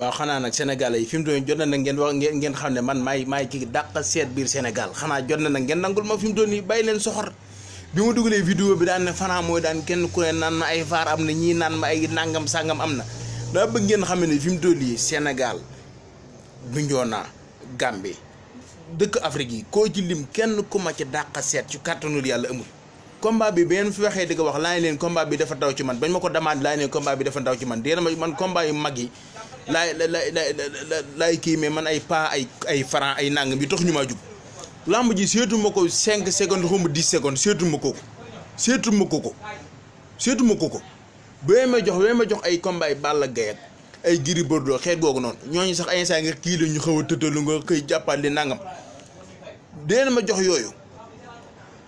waaw xanaa nag sénégalais yi fi mu doon jot na nag ngeen wax ngeen xam ne man maay maay ki dàq seet biir Sénégal xanaa jot na nag ngeen nangul ma fi mu doon nii bàyyi leen soxor bi ma dugalee vidéo bi daan ne Franc mooy daan kenn ku ne naan ma ay vaar am na ñii naan ma ay nangam sangam am na daa bëgg ngeen xam ne fi mu doon nii Sénégal Bignona Gambie dëkk Afrique yi koo ci lim kenn ku ma ci dàq seet ci kàttanul yàlla amul. combat bi beneen fi waxee di ko wax laa leen combat bi dafa daw ci man bañ ma ko demande laa leen bi dafa daw ci man déedéet man combat yu mag yi. laay laay laay kii mais man ay pas ay ay franc ay nangam yi tox ñu ma jub làmb ji seetu ko cinq secondes xaw ma dix secondes seetu ma ko ko seetu ma ko ko seetu ma ko ko bee ma jox bee ma jox ay combat ay Balla Gaye ak ay Gris Bordeaux xeet googu noonu ñooñu sax ay saa nga kii la ñu xaw a tëtalu nga koy jàppaat li nangam deen ma jox yooyu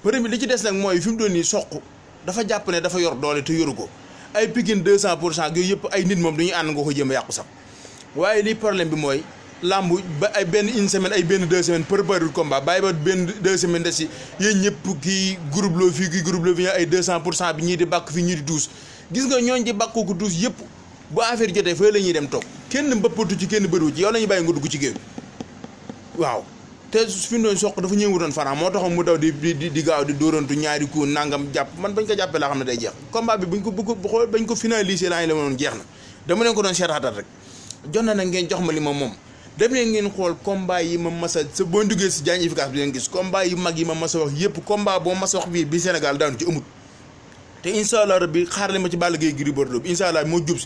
premier li ci des nag mooy fi mu doon nii soq dafa jàpp ne dafa yor doole te yoru ko ay Pikine deux cent pour cent yooyu yëpp ay nit moom dañuy ñu nga ko jëm yàqu sax waaye li problème bi mooy lamb ba ay benn une semaine ay benn deux semaines préparé combat bàyyi ba benn deux semaines des si yéen ñëpp kii groupe loo fii kii groupe loo fii ay deux cent pour cent bi ñii di bàkk fii ñii di duus gis nga ñooñ di bàkku ko duus yëpp bu affaire jotee fële la ñuy dem toog kenn mbëppatu ci kenn bëriwu ci yow la ñuy bàyyi nga dugg ci géew waaw te fi mu doon soq dafa ñëw doon faran moo taxoon mu daw di di di gaaw di dóorantu ñaari ku nangam jàpp man bañ ko jàppee laa xam ne day jeex combat bi buñ ko bu ko bañ ko finaliser laa ñu la mënoon jeex na dama leen ko doon seetaatat rek jox na nag ngeen jox ma li ma moom dem leen ngeen xool combat yi ma mas sa boo duggee si Diagne Efficace bi ngeen gis combat yu mag yi ma mas a wax yëpp combat boo mas wax bii bi Sénégal daanu ci amut te incha allah bi xaar leen ma ci Balla Gaye Gris Bordeaux bi incha allah moo jub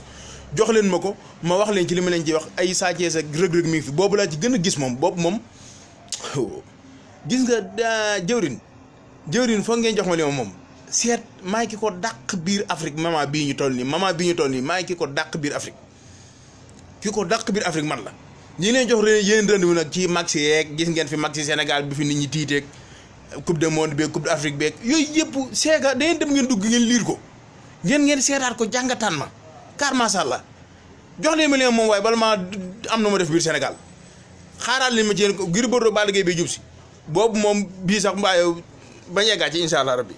jox leen ma ko ma wax leen ci li ma leen ci wax ay Sa Thiès ak rëg-rëg mi fi boobu laa ci gën a gis moom boobu moom gis nga daa jëwrin jëwrin foog ngeen jox ma li ma moom seet maa ngi ki ko dàq biir Afrique maman ñu toll nii maman bii ñu toll nii maa ngi ki ko dàq biir Afrique ki ko dàq biir Afrique man la ñi ngi leen jox re yéen rendez-vous nag ci maxi yeeg gis ngeen fi maxi Sénégal bi fi nit ñi tiiteeg coupe du monde beeg coupe d'Afrique beeg yooyu yëpp seega dangeen dem ngeen dugg ngeen liir ko ngeen ngeen seetaat ko jàngataan ma car macha allah jox leen million moom waaye bala maa am na ma def biir Sénégal xaaraat li ma ci yéen ko ngir bëri Balla Gaye bi jub si boobu moom bii sax mbaa yow bañ eggaat ci incha allah bi